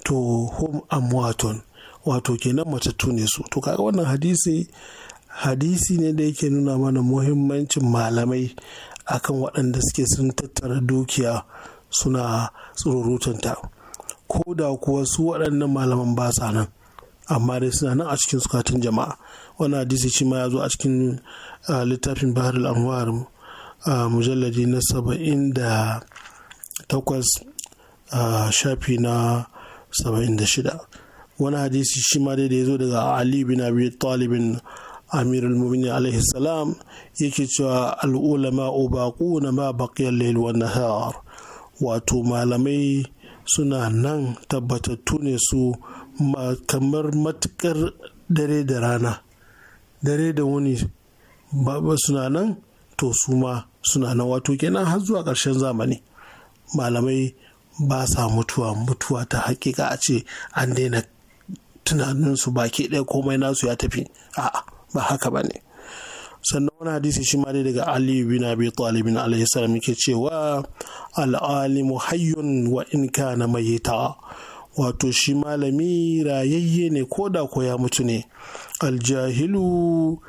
to home amwaton wato kenan matattu ne su to kaga wannan hadisi hadisi ne da yake nuna mana muhimmancin malamai akan waɗanda suke sun tattara dukiya suna tsururutunta ko da kuwa su waɗannan malaman ba sa nan amma dai suna nan a cikin sukatun jama'a wani hadisi shi ma ya zo a cikin littafin bahar al'anwar mujalladi na saba'in da takwas shafi na saba'in da shida wani hadisi shi ma dai da ya zo daga ali bin abi talibin al mumini alaihi salam yake cewa al'ulama baƙo na ma baƙiyar layl wa nahar wato malamai suna nan tabbatattu ne su kamar matukar dare da rana dare da wuni ba suna nan to su ma suna nan wato kenan har zuwa ƙarshen zamani malamai ba sa mutuwa mutuwa ta hakika a ce an daina tunaninsu baki ɗaya komai nasu ya tafi a'a ba haka ba ne sannan wani hadisi shi ma dai daga ali bin abi bin alaihi salam yake cewa al'alimu hayyun wa in kana mayyita wato shi malami rayayye ne ko da ko ya mutu ne aljahilu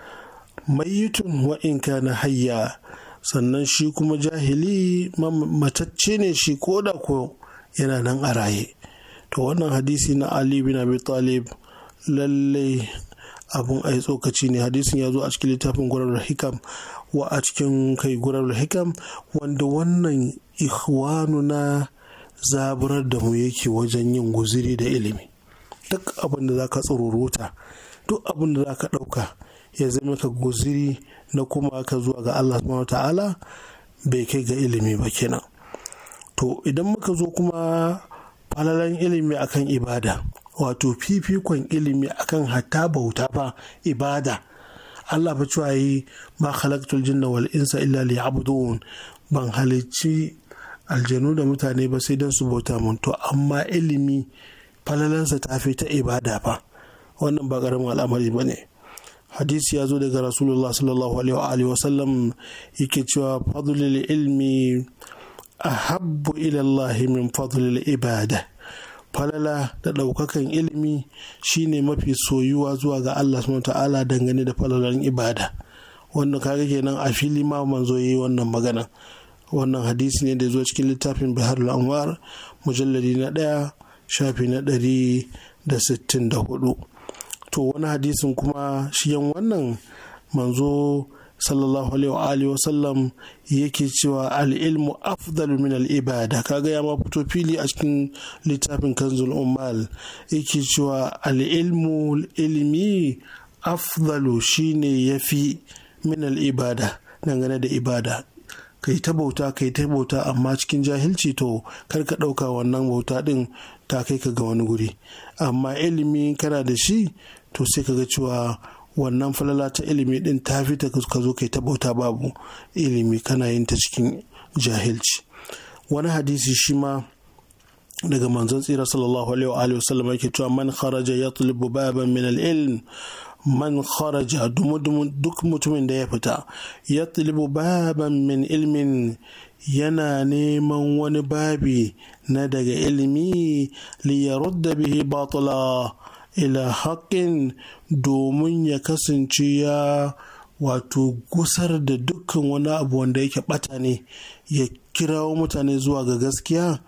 mayyitun wa in kana hayya sannan shi kuma jahili matacce ne shi ko da ko yana nan a raye to wannan hadisi na ali bin abi talib lallai abun yi tsokaci ne hadisin ya zo a cikin littafin gurar hikam wa a cikin kai gurar hikam wanda wannan na zaburar da mu yake wajen yin guziri da ilimi duk abin da za ka tsororota duk abin da za ka ɗauka ya zama ka guziri na kuma ka zuwa ga Allah subhanahu ta'ala bai kai ga ilimi ba kenan to idan muka zo kuma falalan ilimi akan ibada wato fifikon ilimi akan hatta bauta fa ibada Allah ba cewa yi ma khalaqtul jinna wal insa illa liya'budun ban halicci aljanu da mutane ba sai don su bauta mun to amma ilimi falalansa ta fi ta ibada ba. wannan ba karamin al'amari ba ne hadisi ya zo daga rasulullah sallallahu alaihi wa sallam yake cewa fadlul ilmi ahabbu ila Allah min fadlul ibada falala da ɗaukakan ilimi shine mafi soyuwa zuwa ga Allah subhanahu ta'ala dangane da falalan ibada wannan kaga kenan a fili ma manzo yayi wannan magana wannan hadisi ne da zuwa cikin littafin Biharul Anwar mujalladi na ɗaya shafi na ɗari da sittin da hudu to wani hadisin kuma shiyan wannan manzo sallallahu alaihi wa sallam yake cewa al'ilmu afdalu min al'ibada kaga ya ma fito fili a cikin littafin kanzul ummal yake cewa al'ilmu ilimi afdalu shine yafi min al'ibada dangane da ibada kai ta bauta kai ta bauta amma cikin jahilci to kar ka ɗauka wannan bauta ɗin ta kai ka ga wani guri amma ilimi kana da shi to sai ka ga cewa wannan falala ta ilimi din ta fi ta ka zo kai ta bauta babu ilimi kana yin ta cikin jahilci wani hadisi shi ma daga manzon tsira sallallahu alaihi wa sallam yake cewa man kharaja yatlubu baban min al-ilm man kharaja duk mutumin da ya fita yatlubu baban min ilmin yana neman wani babi na daga ilimi li yarudda bihi batila ila haƙin domin ya kasance ya wato gusar da dukkan wani abu wanda yake ɓata ne ya kirawo mutane zuwa ga gaskiya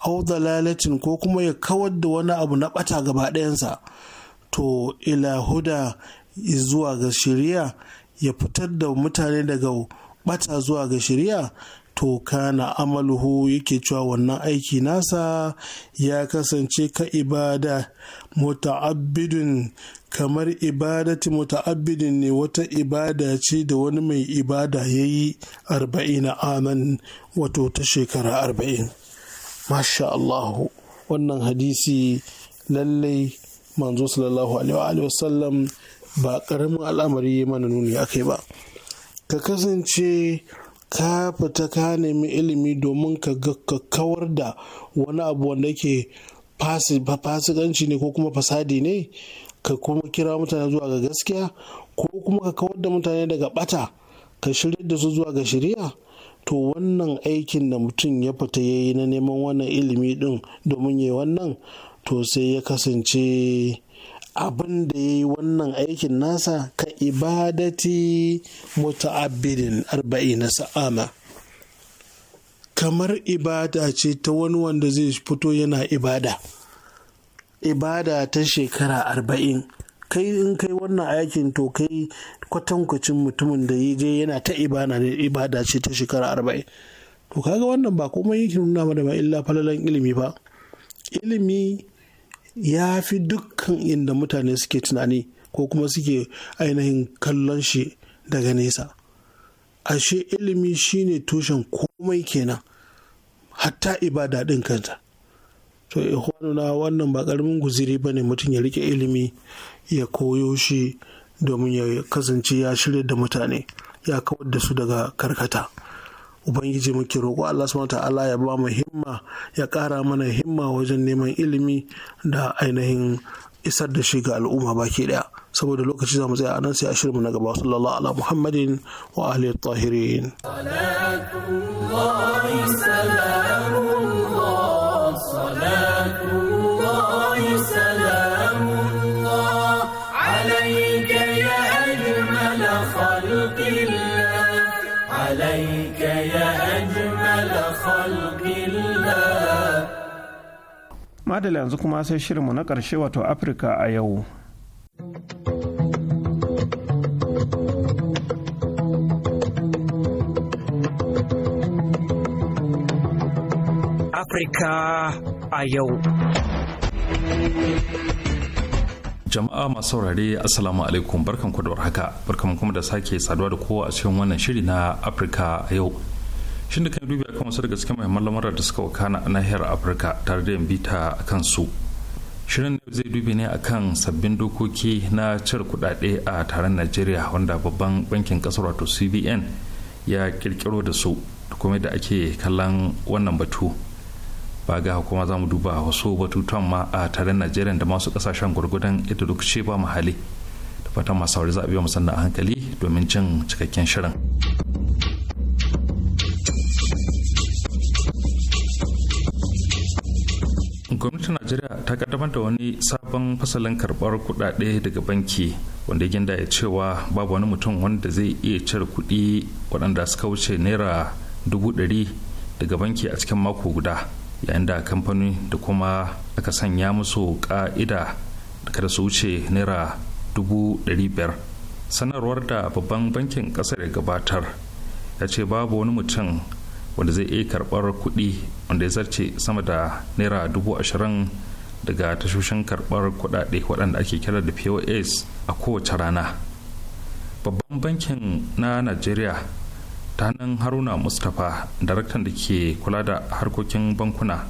au lalacin ko kuma ya kawar da wani abu na ɓata gaba ɗayansa to ila huda zuwa ga shirya ya fitar da mutane daga ɓata zuwa ga shirya to kana amalhu yake cewa wannan aiki nasa ya kasance ka ibada muta'abbidin kamar ibadati muta'abbidin ne wata ibada ce da wani mai ibada ya yi na aman wato ta shekara arba'in masha Allahu wannan hadisi lallai manzo sallallahu alaihi wasallam ba karamin al'amari ya mana nuni akai ba ka kasance ka fita ka nemi ilimi domin ka ga kawar da wani abu wanda ke fasikanci ne ko kuma fasadi ne ka kuma kira mutane zuwa ga gaskiya ko kuma ka kawar da mutane daga bata ka shirya da su zuwa ga shari'a to wannan aikin da mutum ya fita ya yi na neman wannan ilimi din domin ya wannan to sai ya kasance abin da ya yi wannan aikin nasa ka ibadati muta'abbidin arba'i na sa'ama kamar ibada ce ta wani wanda zai fito yana ibada ibada ta shekara arba'in kai in kai wannan aikin to kai kwatankwacin mutumin da ya je yana ta ibada ne ibada ce ta shekara arba'in to kaga wannan ba komai yake nuna mana ba illa falalan ilimi ba ilimi ya fi dukkan inda mutane suke tunani ko kuma suke ainihin kallon shi daga nesa ashe ilimi shine tushen komai kenan hatta ibada ɗin kanta to ihwanuna wannan ba ƙaramin guziri ba ne mutum ya rike ilimi ya koyo shi domin ya kasance ya shirya da mutane ya kawar da su daga karkata ubangiji muke roƙo Allah subhanahu ta'ala ya ba mu himma ya ƙara mana himma wajen neman ilimi da ainihin isar da shi ga al'umma baki daya saboda lokaci za mu tsaya anan sai a shirinmu na gaba sallallahu ala muhammadin wa ahli tahirin madala yanzu kuma sai shirinmu na ƙarshe wato afirka a yau afirka a yau jama'a masu saurare assalamu alaikum barkan da haka, barkan kuma da sake saduwa da kowa a cikin wannan shiri na afirka a yau shin da kan dubi akan wasu daga cikin mahimman lamura da suka wakana a nahiyar afirka tare da bita a kan su shirin zai dubi ne akan sabbin dokoki na cire kudade a taron najeriya wanda babban bankin kasar wato cbn ya kirkiro da su kuma da ake kallon wannan batu ba ga kuma za mu duba wasu batutuwan ma a taron najeriya da masu kasashen gwargwadon ita duk ce ba mahali da fatan masu saurari za a biya musamman a hankali domin cin cikakken shirin. gwamnatin najeriya ta kaddamar da wani sabon fasalin karbar kudade daga banki wanda ginda ya cewa babu wani mutum wanda zai iya cire kudi waɗanda suka wuce naira dubu ɗari daga banki a cikin mako guda yayin da kamfani da kuma aka sanya musu ka'ida kada su wuce naira dubu ɗari biyar sanarwar da babban bankin ƙasar ya gabatar ya ce babu wani mutum wanda zai iya karɓar kuɗi wanda ya zarce sama da naira dubu ashirin daga tashoshin karɓar kuɗaɗe waɗanda ake kira da pos a kowace rana babban bankin na nigeria ta hannun haruna mustapha daraktan da ke kula da harkokin bankuna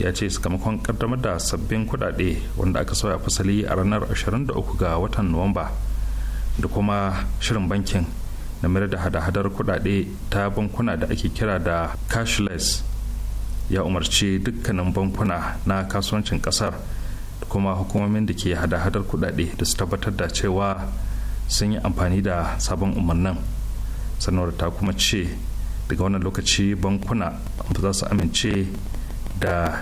ya ce sakamakon kaddamar da sabbin kudade wanda aka sauya fasali a ranar 23 ga watan nuwamba da kuma shirin bankin na mayar da hada-hadar kudade ta bankuna da ake kira da cashless ya umarci dukkanin bankuna na kasuwancin kasar kuma hukumomin da ke hada-hadar kudade da su tabbatar da cewa sun yi amfani da sabon umarnin sanarwar ta kuma ce daga wannan lokaci bankuna ba za su amince da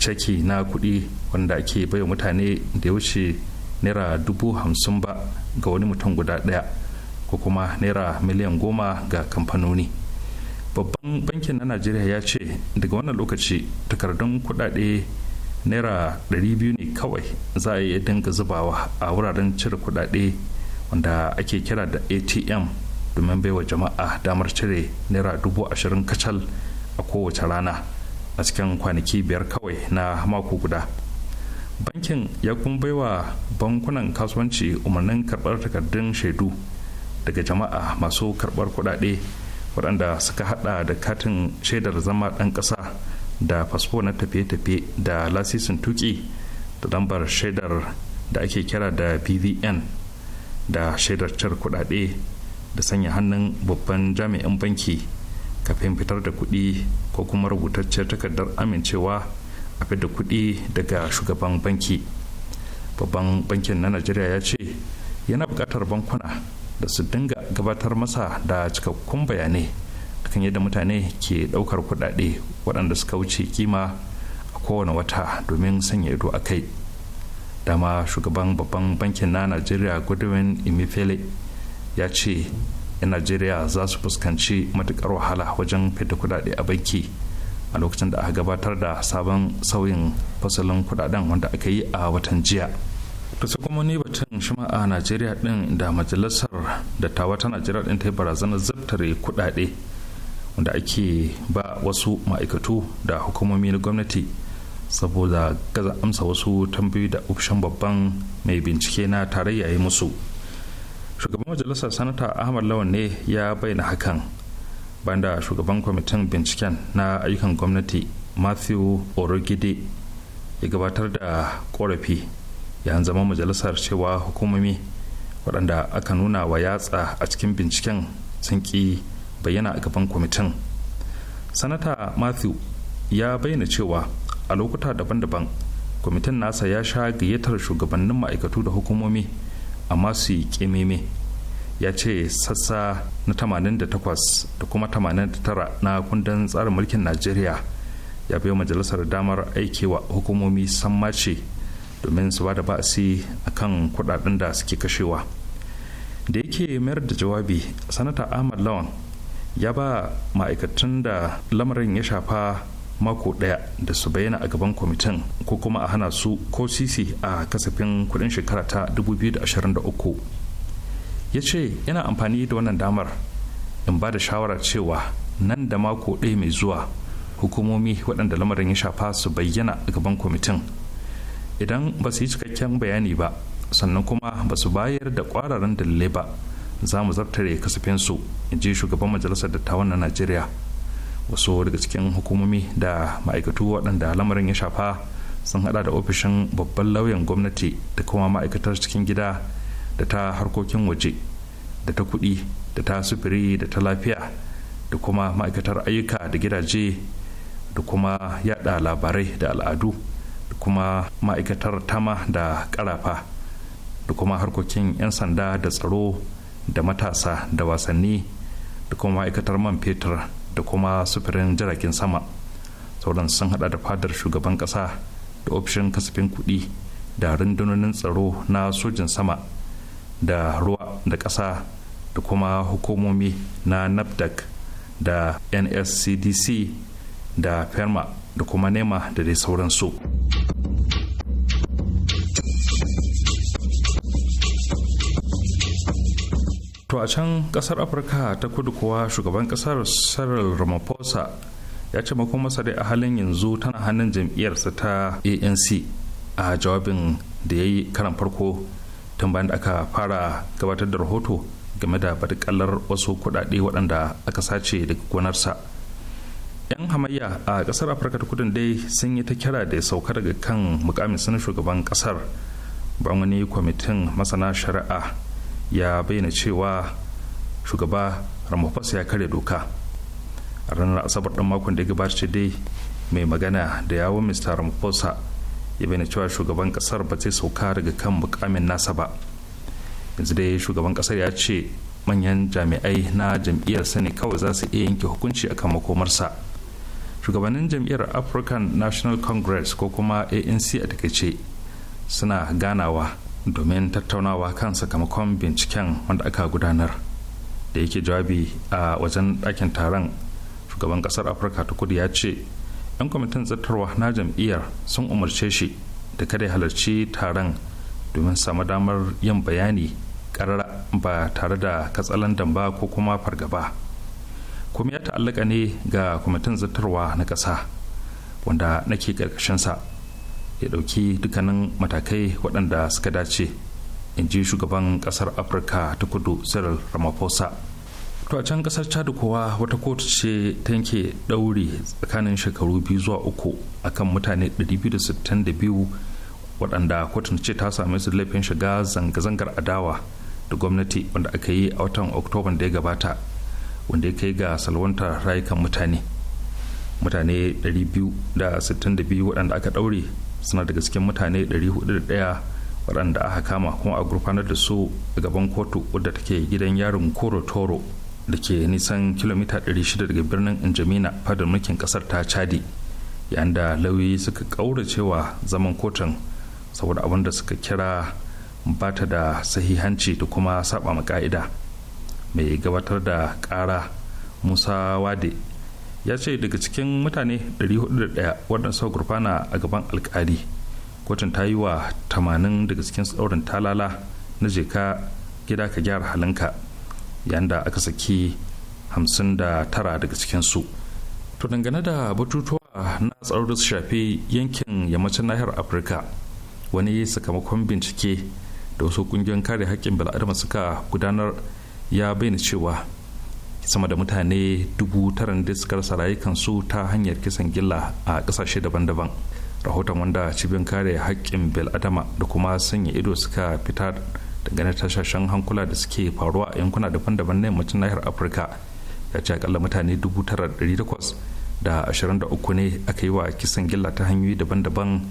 ceki na kudi wanda ake bai mutane da ya wuce naira dubu hamsin ba ga wani mutum guda daya ko kuma naira miliyan goma ga kamfanoni babban bankin na najeriya ya ce daga wannan lokaci takardun kudade naira 200 ne kawai za a iya dinga zubawa a wuraren cire kudade wanda ake kira da atm domin baiwa jama'a damar cire naira dubu ashirin kacal a kowace rana a cikin kwanaki biyar kawai na mako guda bankin ya kuma baiwa bankunan kasuwanci umarnin karbar takardun shaidu daga jama'a masu karbar kudade waɗanda suka hada da katin shaidar zama ɗan ƙasa da fasfo na tafiye-tafiye da lasisin tuki da lambar shaidar da ake kira da bvn da shaidar cire kuɗaɗe da sanya hannun babban jami'in banki kafin fitar da kuɗi ko kuma rubutacciyar takardar amincewa a fitar kuɗi daga shugaban banki babban bankin na najeriya ya ce yana buƙatar bankuna da su dinga gabatar masa da cikakkun bayanai akan yadda mutane ke daukar kudade waɗanda suka wuce kima a kowane wata domin sanya ido a kai dama shugaban babban bankin na najeriya godwin imifele ya ce 'yan najeriya za su fuskanci matukar wahala wajen fita kudade a banki a lokacin da aka gabatar da sabon sauyin fasalin kudaden wanda aka yi a watan jiya. sai kuma ni batun shima a najeriya din da majalisar dattawa ta najeriya din ta yi barazanar zabtare kudade wanda ake ba wasu ma'aikatu da hukumomi na gwamnati saboda gaza amsa wasu tambayi da ofishin babban mai bincike na tarayya yi musu shugaban majalisar sanata ahmad lawan ne ya bayyana hakan da shugaban kwamitin binciken na ayyukan gwamnati matthew orogide ya gabatar da korafi ya zama majalisar cewa hukumomi waɗanda aka nuna wa yatsa a cikin binciken sun ƙi bayyana a gaban kwamitin sanata matthew ya bayyana cewa a lokuta daban-daban kwamitin nasa ya sha gayyatar shugabannin ma'aikatu da hukumomi amma su yi ƙememe ya ce sassa na 88 da kuma 89 na kundin tsarin mulkin najeriya ya bai majalisar damar aikewa hukumomi mace. domin su ba da ba'asi a kan kudaden da suke kashewa da yake mayar da jawabi sanata ahmad lawan ya ba ma'aikatan da lamarin ya shafa mako daya da su bayyana a gaban kwamitin ko kuma a hana su ko sisi a kasafin kudin shekara ta 2023 ya ce yana amfani da wannan damar in ba da shawarar cewa nan da mako daya mai zuwa hukumomi waɗanda lamarin ya shafa su bayyana a gaban kwamitin idan ba su yi cikakken bayani ba sannan kuma ba su bayar da kwararren dalilai ba za mu zartare kasafinsu in ji shugaban majalisar dattawan na najeriya wasu daga cikin hukumomi da ma'aikatu waɗanda lamarin ya shafa sun hada da ofishin babban lauyan gwamnati da kuma ma'aikatar cikin gida da ta harkokin waje da ta kuɗi da ta sufuri da ta lafiya da kuma ma'aikatar ayyuka da gidaje da kuma yada labarai da al'adu kuma ma'aikatar tama da karafa da kuma harkokin 'yan sanda da tsaro da matasa da wasanni da kuma ma'aikatar man fetur da kuma sufurin jiragen sama sauran sun hada da fadar shugaban kasa da ofishin kasafin kuɗi da rundunonin tsaro na sojin sama da ruwa da ƙasa da kuma hukumomi na nafdak da nscdc da ferma da kuma nema da dai sauransu to a can kasar afirka ta kudu kuwa shugaban kasar cyril ramaphosa ya ce masa dai a halin yanzu tana hannun jam'iyyarsa ta anc a jawabin da ya yi karan farko tun bayan da aka fara gabatar da rahoto game da batakallar wasu kudade waɗanda aka sace daga gonarsa yan hamayya a kasar afirka ta kudin dai sun yi ta kira da sauka daga kan mukamin sanar shugaban kasar ban wani kwamitin masana shari'a ya bayyana cewa shugaba ramaphosa ya karya doka a ranar asabar ɗan makon da ya gabata dai mai magana da yawon mr ramaphosa ya bayyana cewa shugaban kasar ba zai sauka daga kan mukamin nasa ba yanzu dai shugaban kasar ya ce manyan jami'ai na jam'iyyar sani kawai za su iya yanke hukunci akan makomarsa shugabannin jam'iyyar african national congress ko kuma anc a takaice suna ganawa domin tattaunawa kan sakamakon binciken wanda aka gudanar da yake jawabi a wajen dakin taron shugaban ƙasar afirka ta kudu ya ce 'yan kwamitin tsattarwa na jam'iyyar sun umarce shi da kada ya halarci taron domin samu damar yin bayani ƙarar ba tare da katsalandan ba ko kuma fargaba. kuma ya ta'allaka ne ga kwamitin zartarwa na ƙasa wanda nake ƙarƙashinsa ya ɗauki dukkanin matakai waɗanda suka dace in ji shugaban ƙasar afirka ta kudu cyril ramaphosa to a can ƙasar chad kowa wata kotu ce ta yanke ɗauri tsakanin shekaru biyu zuwa uku akan mutane 262 waɗanda kotun ce ta same su laifin shiga zanga-zangar adawa da gwamnati wanda aka yi a watan oktoban da ya gabata wanda ya kai ga salwantar rayukan mutane mutane 262 waɗanda aka ɗaure suna daga cikin mutane 401 waɗanda aka kama kuma a gurfanar da su a gaban kotu wadda take gidan yarin koro toro da ke nisan kilomita 600 daga birnin injamina fadar mulkin kasar ta chadi yayin da lauyi suka ƙaura cewa zaman kotun saboda abin da suka kira bata da sahihanci da kuma saba ma ka'ida mai gabatar da ƙara musa wade ya ce daga cikin mutane 401 wadanda suka gurfana a gaban alkali kotun ta yi wa 80 daga cikin tsaurin talala na jeka gida ka gyara halinka yayin da aka saki 59 daga cikinsu to dangane da batutuwa na tsaurin su shafi yankin yammacin nahiyar afirka wani sakamakon bincike da wasu kungiyoyin kare haƙƙin bil'adama suka gudanar ya bayyana cewa sama da mutane dubu taran da suka rasa rayukansu ta hanyar kisan gilla a kasashe daban-daban rahoton wanda cibin kare haƙƙin bil'adama da kuma sanya ido suka fita dangane tashashen hankula da suke faruwa a yankuna daban-daban na yammacin nahiyar afirka ya ce akalla mutane dubu tara takwas da ashirin da uku ne aka yi wa kisan gilla ta hanyoyi daban-daban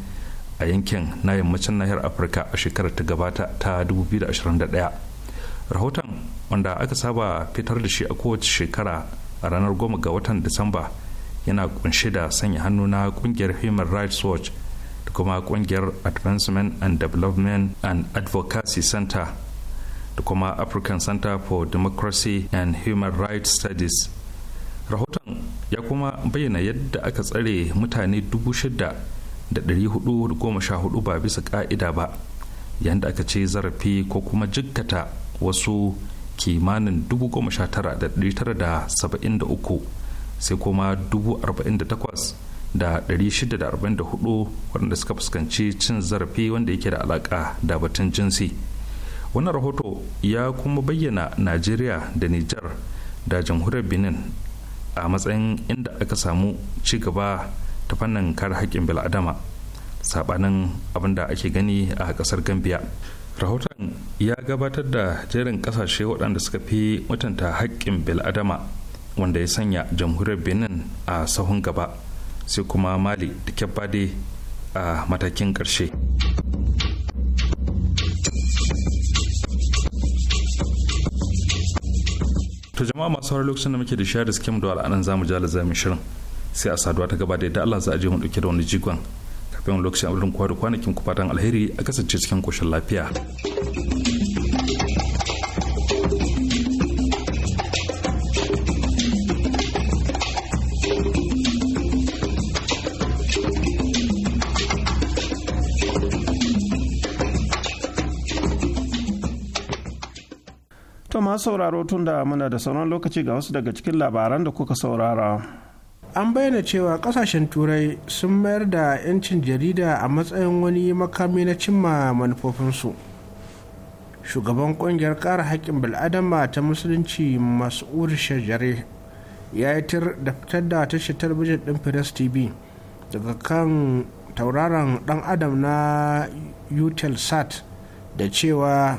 a yankin na yammacin nahiyar afirka a shekarar ta gabata ta 2021 rahoton wanda aka saba fitar da shi a kowace shekara a ranar goma ga watan disamba yana kunshe da sanya hannu na kungiyar human rights watch da kuma kungiyar advancement and development and advocacy center da kuma african center for democracy and human rights studies rahoton ya kuma bayyana yadda aka tsare mutane da 6,414 ba bisa ka'ida ba yadda aka ce zarafi ko kuma jikkata wasu kimanin 19,973 sai kuma 48,644 waɗanda suka fuskanci cin zarafi wanda yake da alaƙa da batun jinsi wannan rahoto ya kuma bayyana najeriya da nijar da jamhuriyar benin a matsayin inda aka samu ci gaba ta fannin kare haƙƙin bil'adama sabanin abinda ake gani a ƙasar gambia rahoton ya gabatar da jerin kasashe waɗanda suka fi mutunta haƙƙin bil'adama wanda ya sanya jamhuriyar benin a sahun gaba sai kuma mali da kyabade a matakin ƙarshe ta jama'a masu haurar lokacin da muke da share skim da al'anan zamu jala zamin shirin sai a saduwa ta gaba da yadda allah za a je mu ɗauke da wani jigon kafin lokacin abin kwa da kwanakin ku fatan alheri a kasance cikin koshin lafiya. To sauraro tun da muna da sauran lokaci ga wasu daga cikin labaran da kuka saurara. an bayyana cewa kasashen turai sun mayar da 'yancin jarida a matsayin wani makami na cimma manufofinsu shugaban kungiyar kara haƙƙin bil'adama ta musulunci mas'ud shajare ya yi tir da fitar da tashar talabijin ɗin firas tv daga kan tauraron ɗan adam na utelsat da cewa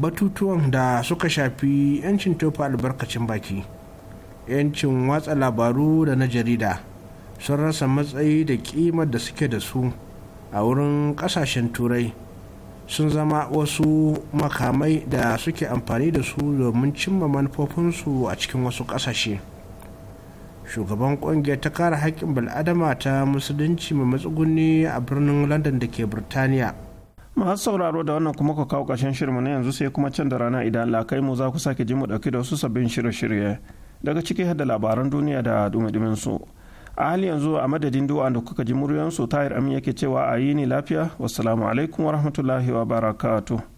batutuwan da suka shafi 'yancin tofa albarkacin baki 'yancin watsa labaru da na jarida sun rasa matsayi da kimar da suke da su a wurin kasashen turai sun zama wasu makamai da suke amfani da su domin cimma manufofinsu a cikin wasu kasashe shugaban kungiyar ta kare haƙƙin bal'adama ta musulunci mai matsuguni a birnin london da ke birtaniya masu sauraro da wannan kuma ka kawo ƙarshen shirma na yanzu sai kuma can da rana idan lakai mu za ku sake ji mu ɗauki da wasu sabbin shirye-shirye daga ciki da labaran duniya da dumadumin su a hali yanzu a madadin du'a da kuka ji muryansu tahir amin yake cewa a yi ni lafiya wassalamu alaikum wa rahmatullahi wa barakatuh